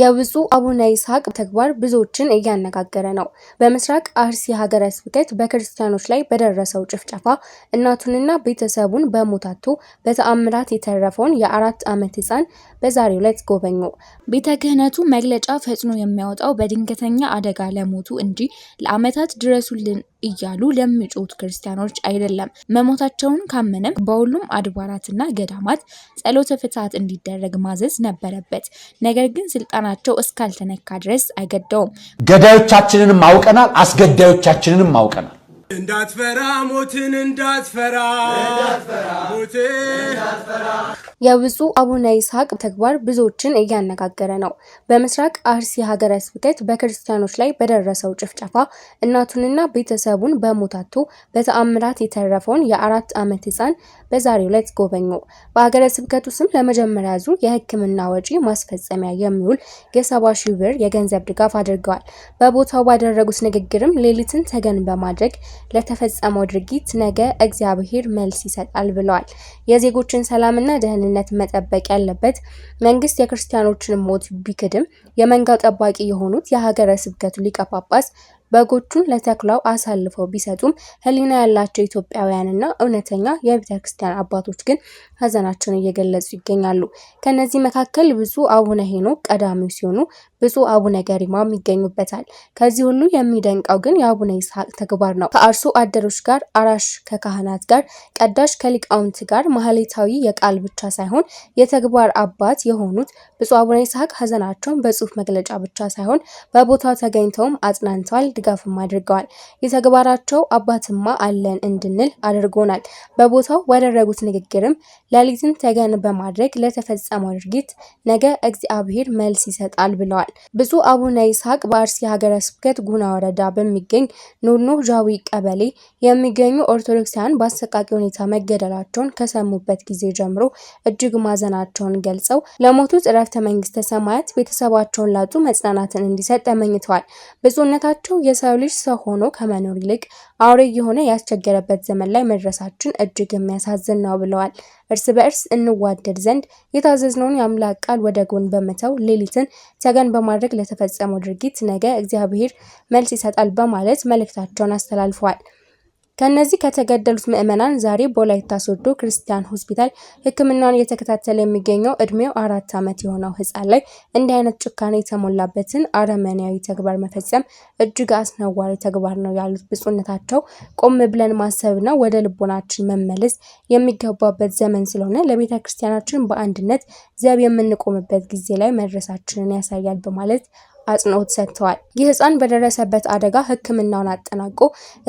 የብፁዕ አቡነ ይስሐቅ ተግባር ብዙዎችን እያነጋገረ ነው። በምስራቅ አርሲ ሀገረ ስብከት በክርስቲያኖች ላይ በደረሰው ጭፍጨፋ እናቱንና ቤተሰቡን በሞታቱ በተአምራት የተረፈውን የአራት ዓመት ሕፃን በዛሬው ዕለት ጎበኙ። ቤተ ክህነቱ መግለጫ ፈጥኖ የሚያወጣው በድንገተኛ አደጋ ለሞቱ እንጂ ለዓመታት ድረሱልን እያሉ ለሚጮት ክርስቲያኖች አይደለም። መሞታቸውን ካመነም በሁሉም አድባራትና ገዳማት ጸሎተ ፍትሐት እንዲደረግ ማዘዝ ነበረበት። ነገር ግን ስልጣ ስልጣናቸው እስካልተነካ ድረስ አይገደውም። ገዳዮቻችንንም አውቀናል፣ አስገዳዮቻችንንም አውቀናል። እንዳትፈራ ሞትን እንዳትፈራ ሞትን የብፁዕ አቡነ ይስሐቅ ተግባር ብዙዎችን እያነጋገረ ነው። በምስራቅ አርሲ ሀገረ ስብከት በክርስቲያኖች ላይ በደረሰው ጭፍጨፋ እናቱንና ቤተሰቡን በሞታቱ በተአምራት የተረፈውን የአራት ዓመት ህፃን በዛሬው ዕለት ጎበኙ። በሀገረ ስብከቱ ስም ለመጀመሪያ ዙር የህክምና ወጪ ማስፈጸሚያ የሚውል የሰባ ሺህ ብር የገንዘብ ድጋፍ አድርገዋል። በቦታው ባደረጉት ንግግርም ሌሊትን ተገን በማድረግ ለተፈጸመው ድርጊት ነገ እግዚአብሔር መልስ ይሰጣል ብለዋል። የዜጎችን ሰላምና ደህንነት ደህንነት መጠበቅ ያለበት መንግስት የክርስቲያኖችን ሞት ቢክድም የመንጋው ጠባቂ የሆኑት የሀገረ ስብከቱ ሊቀ ጳጳስ በጎቹን ለተኩላው አሳልፈው ቢሰጡም ሕሊና ያላቸው ኢትዮጵያውያንና እውነተኛ የቤተ ክርስቲያን አባቶች ግን ሀዘናቸውን እየገለጹ ይገኛሉ። ከነዚህ መካከል ብፁዕ አቡነ ሄኖክ ቀዳሚው ሲሆኑ ብፁዕ አቡነ ገሪማም ይገኙበታል። ከዚህ ሁሉ የሚደንቀው ግን የአቡነ ይስሐቅ ተግባር ነው። ከአርሶ አደሮች ጋር፣ አራሽ ከካህናት ጋር፣ ቀዳሽ ከሊቃውንት ጋር ማህሌታዊ የቃል ብቻ ሳይሆን የተግባር አባት የሆኑት ብፁዕ አቡነ ይስሐቅ ሀዘናቸውን በጽሁፍ መግለጫ ብቻ ሳይሆን በቦታው ተገኝተውም አጽናንተዋል፣ ድጋፍም አድርገዋል። የተግባራቸው አባትማ አለን እንድንል አድርጎናል። በቦታው ባደረጉት ንግግርም ሌሊትን ተገን በማድረግ ለተፈጸመው ድርጊት ነገ እግዚአብሔር መልስ ይሰጣል ብለዋል። ይገኛል። ብፁዕ አቡነ ይስሐቅ በአርሲ ሀገረ ስብከት ጉና ወረዳ በሚገኝ ኖኖ ጃዊ ቀበሌ የሚገኙ ኦርቶዶክሳውያን በአሰቃቂ ሁኔታ መገደላቸውን ከሰሙበት ጊዜ ጀምሮ እጅግ ማዘናቸውን ገልጸው ለሞቱት ዕረፍተ መንግስተ ሰማያት ቤተሰባቸውን ላጡ መጽናናትን እንዲሰጥ ተመኝተዋል። ብፁዕነታቸው የሰው ልጅ ሰው ሆኖ ከመኖር ይልቅ አውሬ የሆነ ያስቸገረበት ዘመን ላይ መድረሳችን እጅግ የሚያሳዝን ነው ብለዋል። እርስ በእርስ እንዋደድ ዘንድ የታዘዝነውን የአምላክ ቃል ወደ ጎን በመተው ሌሊትን ተገን በማድረግ ለተፈጸመው ድርጊት ነገ እግዚአብሔር መልስ ይሰጣል በማለት መልእክታቸውን አስተላልፈዋል። ከነዚህ ከተገደሉት ምዕመናን ዛሬ በወላይታ ሶዶ ክርስቲያን ሆስፒታል ሕክምናውን እየተከታተለ የሚገኘው እድሜው አራት ዓመት የሆነው ህፃን ላይ እንዲህ አይነት ጭካኔ የተሞላበትን አረመኔያዊ ተግባር መፈጸም እጅግ አስነዋሪ ተግባር ነው ያሉት ብፁዕነታቸው፣ ቆም ብለን ማሰብና ወደ ልቦናችን መመለስ የሚገባበት ዘመን ስለሆነ ለቤተ ክርስቲያናችን በአንድነት ዘብ የምንቆምበት ጊዜ ላይ መድረሳችንን ያሳያል በማለት አጽንኦት ሰጥተዋል። ይህ ህፃን በደረሰበት አደጋ ህክምናውን አጠናቆ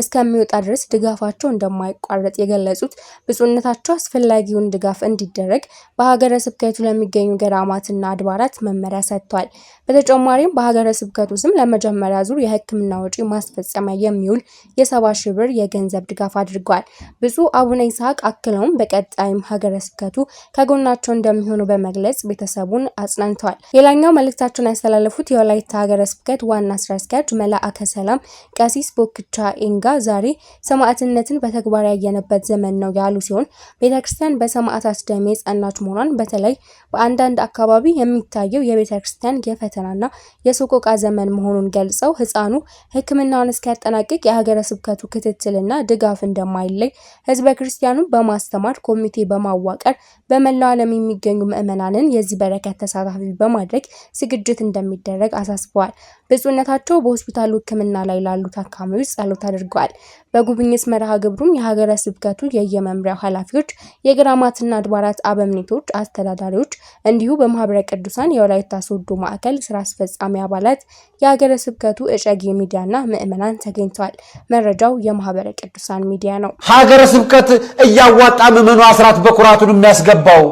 እስከሚወጣ ድረስ ድጋፋቸው እንደማይቋረጥ የገለጹት ብፁዕነታቸው አስፈላጊውን ድጋፍ እንዲደረግ በሀገረ ስብከቱ ለሚገኙ ገዳማትና አድባራት መመሪያ ሰጥቷል። በተጨማሪም በሀገረ ስብከቱ ስም ለመጀመሪያ ዙር የህክምና ወጪ ማስፈጸሚያ የሚውል የሰባ ሺህ ብር የገንዘብ ድጋፍ አድርጓል። ብፁዕ አቡነ ይስሐቅ አክለውም በቀጣይም ሀገረ ስብከቱ ከጎናቸው እንደሚሆኑ በመግለጽ ቤተሰቡን አጽናንተዋል። ሌላኛው መልእክታቸውን ያስተላለፉት የወላይ ወላይታ ሀገረ ስብከት ዋና ስራ አስኪያጅ መልአከ ሰላም ቀሲስ ቦክቻ ኤንጋ ዛሬ ሰማዕትነትን በተግባር ያየነበት ዘመን ነው ያሉ ሲሆን ቤተ ክርስቲያን በሰማዕታት ደም የጸናች መሆኗን በተለይ በአንዳንድ አካባቢ የሚታየው የቤተ ክርስቲያን የፈተናና የሰቆቃ ዘመን መሆኑን ገልጸው ህፃኑ ሕክምናውን እስኪያጠናቅቅ የሀገረ ስብከቱ ክትትልና ድጋፍ እንደማይለይ ህዝበ ክርስቲያኑን በማስተማር ኮሚቴ በማዋቀር በመላው ዓለም የሚገኙ ምዕመናንን የዚህ በረከት ተሳታፊ በማድረግ ዝግጅት እንደሚደረግ አሳ አሳስበዋል። ብፁዕነታቸው በሆስፒታሉ ሕክምና ላይ ላሉ ታካሚዎች ጸሎት አድርገዋል። በጉብኝት መርሃ ግብሩም የሀገረ ስብከቱ የየመምሪያው ኃላፊዎች፣ የገዳማትና አድባራት አበምኔቶች፣ አስተዳዳሪዎች እንዲሁ በማህበረ ቅዱሳን የወላይታ ሶዶ ማዕከል ስራ አስፈጻሚ አባላት፣ የሀገረ ስብከቱ እጨጌ ሚዲያና ምዕመናን ተገኝተዋል። መረጃው የማህበረ ቅዱሳን ሚዲያ ነው። ሀገረ ስብከት እያዋጣ ምዕመኑ አስራት በኩራቱን የሚያስገባው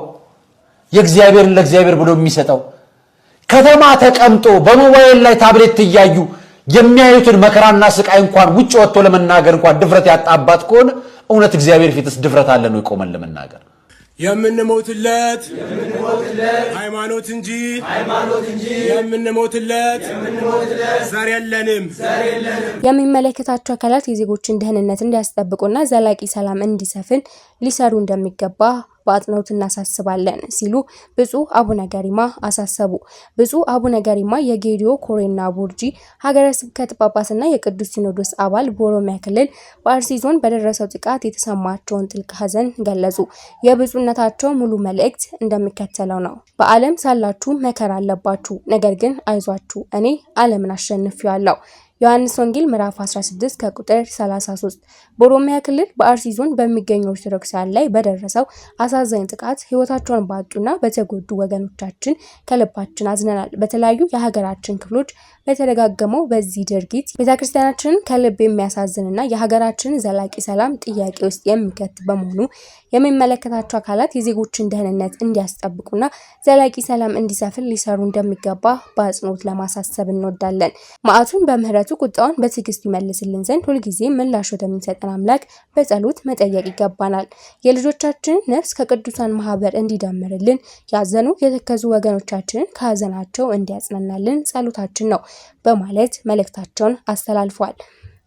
የእግዚአብሔርን ለእግዚአብሔር ብሎ የሚሰጠው ከተማ ተቀምጦ በሞባይል ላይ ታብሌት እያዩ የሚያዩትን መከራና ስቃይ እንኳን ውጭ ወጥቶ ለመናገር እንኳን ድፍረት ያጣባት ከሆነ እውነት እግዚአብሔር ፊትስ ድፍረት አለ ነው ይቆመን ለመናገር? የምንሞትለት ሃይማኖት እንጂ የምንሞትለት ዘር የለንም። የሚመለከታቸው አካላት የዜጎችን ደህንነት እንዲያስጠብቁና ዘላቂ ሰላም እንዲሰፍን ሊሰሩ እንደሚገባ በአጽንኦት እናሳስባለን ሲሉ ብፁዕ አቡነ ገሪማ አሳሰቡ። ብፁዕ አቡነ ገሪማ የጌዲዮ ኮሬና ቡርጂ ሀገረ ስብከት ጳጳስና የቅዱስ ሲኖዶስ አባል በኦሮሚያ ክልል በአርሲ ዞን በደረሰው ጥቃት የተሰማቸውን ጥልቅ ሐዘን ገለጹ። የብፁዕነታቸው ሙሉ መልእክት እንደሚከተለው ነው። በዓለም ሳላችሁ መከራ አለባችሁ፣ ነገር ግን አይዟችሁ እኔ ዓለምን አሸንፊያለሁ። ዮሐንስ ወንጌል ምዕራፍ 16 ከቁጥር 33። በኦሮሚያ ክልል በአርሲ ዞን በሚገኙ ኦርቶዶክሳውያን ላይ በደረሰው አሳዛኝ ጥቃት ሕይወታቸውን ባጡና በተጎዱ ወገኖቻችን ከልባችን አዝነናል። በተለያዩ የሀገራችን ክፍሎች በተደጋገመው በዚህ ድርጊት ቤተክርስቲያናችንን ከልብ የሚያሳዝንና የሀገራችንን ዘላቂ ሰላም ጥያቄ ውስጥ የሚከት በመሆኑ የሚመለከታቸው አካላት የዜጎችን ደህንነት እንዲያስጠብቁና ዘላቂ ሰላም እንዲሰፍን ሊሰሩ እንደሚገባ በአጽንኦት ለማሳሰብ እንወዳለን። መዓቱን በምህረቱ ቁጣውን በትዕግስት ይመልስልን ዘንድ ሁልጊዜ ምላሽ ወደሚሰጠን አምላክ በጸሎት መጠየቅ ይገባናል። የልጆቻችንን ነፍስ ከቅዱሳን ማህበር እንዲደምርልን፣ ያዘኑ የተከዙ ወገኖቻችንን ከሀዘናቸው እንዲያጽናናልን ጸሎታችን ነው በማለት መልእክታቸውን አስተላልፏል።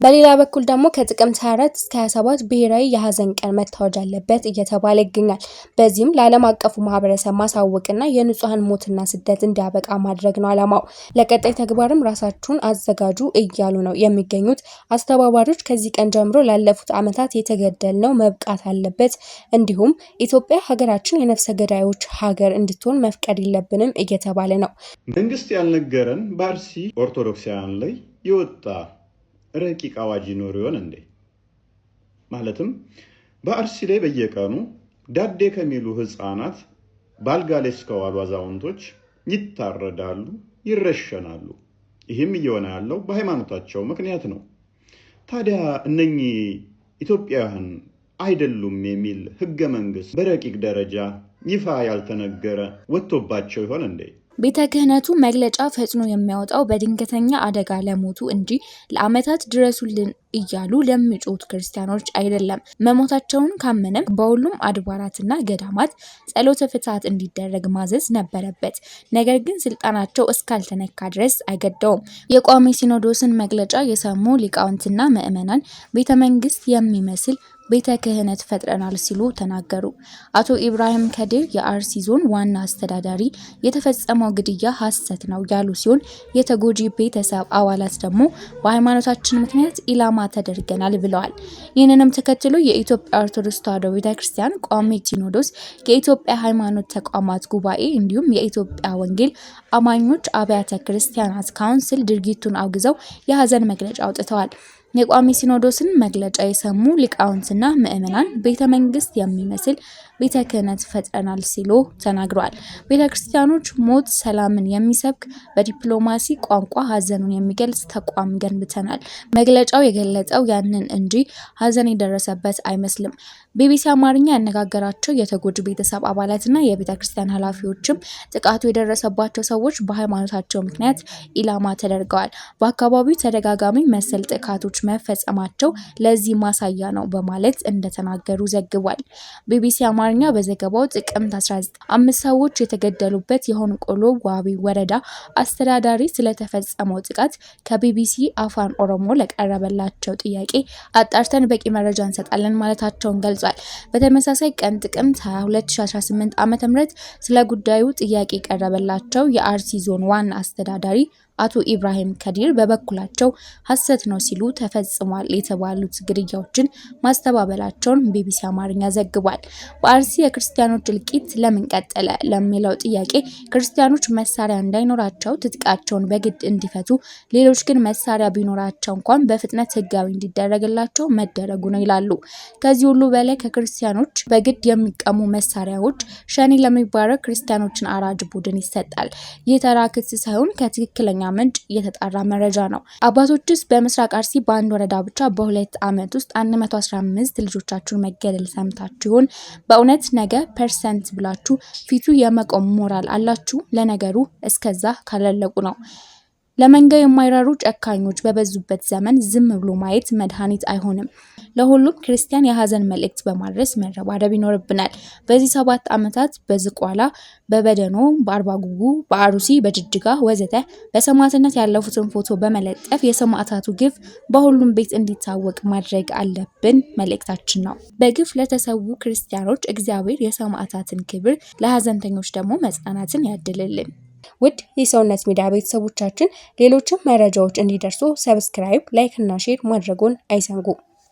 በሌላ በኩል ደግሞ ከጥቅምት 24 እስከ 27 ብሔራዊ የሀዘን ቀን መታወጅ አለበት እየተባለ ይገኛል። በዚህም ለዓለም አቀፉ ማህበረሰብ ማሳወቅና የንጹሐን ሞትና ስደት እንዲያበቃ ማድረግ ነው ዓላማው። ለቀጣይ ተግባርም ራሳችሁን አዘጋጁ እያሉ ነው የሚገኙት አስተባባሪዎች። ከዚህ ቀን ጀምሮ ላለፉት ዓመታት የተገደልነው መብቃት አለበት፣ እንዲሁም ኢትዮጵያ ሀገራችን የነፍሰ ገዳዮች ሀገር እንድትሆን መፍቀድ የለብንም እየተባለ ነው። መንግስት ያልነገረን በአርሲ ኦርቶዶክሳውያን ላይ የወጣ ረቂቅ አዋጅ ይኖር ይሆን እንዴ? ማለትም በአርሲ ላይ በየቀኑ ዳዴ ከሚሉ ህፃናት በአልጋ ላይ እስከዋሉ አዛውንቶች ይታረዳሉ፣ ይረሸናሉ። ይህም እየሆነ ያለው በሃይማኖታቸው ምክንያት ነው። ታዲያ እነኚህ ኢትዮጵያውያን አይደሉም የሚል ህገ መንግስት በረቂቅ ደረጃ ይፋ ያልተነገረ ወጥቶባቸው ይሆን እንዴ? ቤተ ክህነቱ መግለጫ ፈጥኖ የሚያወጣው በድንገተኛ አደጋ ለሞቱ እንጂ ለዓመታት ድረሱልን እያሉ ለሚጮት ክርስቲያኖች አይደለም። መሞታቸውን ካመነም በሁሉም አድባራትና ገዳማት ጸሎተ ፍትሐት እንዲደረግ ማዘዝ ነበረበት። ነገር ግን ስልጣናቸው እስካልተነካ ድረስ አይገደውም። የቋሚ ሲኖዶስን መግለጫ የሰሙ ሊቃውንትና ምዕመናን ቤተ መንግስት የሚመስል ቤተ ክህነት ፈጥረናል ሲሉ ተናገሩ። አቶ ኢብራሂም ከድር የአርሲ ዞን ዋና አስተዳዳሪ የተፈጸመው ግድያ ሐሰት ነው ያሉ ሲሆን የተጎጂ ቤተሰብ አባላት ደግሞ በሃይማኖታችን ምክንያት ኢላማ ተደርገናል ብለዋል። ይህንንም ተከትሎ የኢትዮጵያ ኦርቶዶክስ ተዋሕዶ ቤተክርስቲያን ቋሚ ሲኖዶስ፣ የኢትዮጵያ ሃይማኖት ተቋማት ጉባኤ እንዲሁም የኢትዮጵያ ወንጌል አማኞች አብያተ ክርስቲያናት ካውንስል ድርጊቱን አውግዘው የሀዘን መግለጫ አውጥተዋል። የቋሚ ሲኖዶስን መግለጫ የሰሙ ሊቃውንትና ምዕመናን ቤተ መንግስት የሚመስል ቤተ ክህነት ፈጥረናል ሲሉ ተናግረዋል። ቤተ ክርስቲያኖች ሞት ሰላምን የሚሰብክ በዲፕሎማሲ ቋንቋ ሀዘኑን የሚገልጽ ተቋም ገንብተናል። መግለጫው የገለጠው ያንን እንጂ ሀዘን የደረሰበት አይመስልም። ቢቢሲ አማርኛ ያነጋገራቸው የተጎጂ ቤተሰብ አባላትና የቤተ ክርስቲያን ኃላፊዎችም ጥቃቱ የደረሰባቸው ሰዎች በሃይማኖታቸው ምክንያት ኢላማ ተደርገዋል፣ በአካባቢው ተደጋጋሚ መሰል ጥቃቶች መፈጸማቸው ለዚህ ማሳያ ነው በማለት እንደተናገሩ ዘግቧል። ቢቢሲ አማርኛ በዘገባው ጥቅምት 19 አምስት ሰዎች የተገደሉበት የሆንቆሎ ዋቢ ወረዳ አስተዳዳሪ ስለተፈጸመው ጥቃት ከቢቢሲ አፋን ኦሮሞ ለቀረበላቸው ጥያቄ አጣርተን በቂ መረጃ እንሰጣለን ማለታቸውን ገልጿል። ገልጿል። በተመሳሳይ ቀን ጥቅምት 2018 ዓ.ም ስለ ጉዳዩ ጥያቄ ቀረበላቸው የአርሲ ዞን ዋና አስተዳዳሪ አቶ ኢብራሂም ከዲር በበኩላቸው ሐሰት ነው ሲሉ ተፈጽሟል የተባሉት ግድያዎችን ማስተባበላቸውን ቢቢሲ አማርኛ ዘግቧል። በአርሲ የክርስቲያኖች እልቂት ለምን ቀጠለ ለሚለው ጥያቄ ክርስቲያኖች መሳሪያ እንዳይኖራቸው ትጥቃቸውን በግድ እንዲፈቱ፣ ሌሎች ግን መሳሪያ ቢኖራቸው እንኳን በፍጥነት ህጋዊ እንዲደረግላቸው መደረጉ ነው ይላሉ። ከዚህ ሁሉ በላይ ከክርስቲያኖች በግድ የሚቀሙ መሳሪያዎች ሸኔ ለሚባረ ክርስቲያኖችን አራጅ ቡድን ይሰጣል። ይህ ተራ ክስ ሳይሆን ከትክክለኛ ምንጭ የተጣራ መረጃ ነው። አባቶችስ በምስራቅ አርሲ በአንድ ወረዳ ብቻ በሁለት ዓመት ውስጥ 115 ልጆቻችሁን መገደል ሰምታችሁ ይሆን? በእውነት ነገ ፐርሰንት ብላችሁ ፊቱ የመቆም ሞራል አላችሁ? ለነገሩ እስከዛ ካላለቁ ነው። ለመንጋ የማይራሩ ጨካኞች በበዙበት ዘመን ዝም ብሎ ማየት መድኃኒት አይሆንም። ለሁሉም ክርስቲያን የሀዘን መልእክት በማድረስ መረባረብ ይኖርብናል። በዚህ ሰባት ዓመታት በዝቋላ፣ በበደኖ፣ በአርባጉጉ፣ በአሩሲ፣ በጅጅጋ ወዘተ በሰማዕትነት ያለፉትን ፎቶ በመለጠፍ የሰማዕታቱ ግፍ በሁሉም ቤት እንዲታወቅ ማድረግ አለብን መልእክታችን ነው። በግፍ ለተሰዉ ክርስቲያኖች እግዚአብሔር የሰማዕታትን ክብር፣ ለሀዘንተኞች ደግሞ መጽናናትን ያድልልን። ውድ የሰውነት ሚዲያ ቤተሰቦቻችን ሌሎችም መረጃዎች እንዲደርሱ ሰብስክራይብ፣ ላይክ እና ሼር ማድረጉን አይዘንጉ።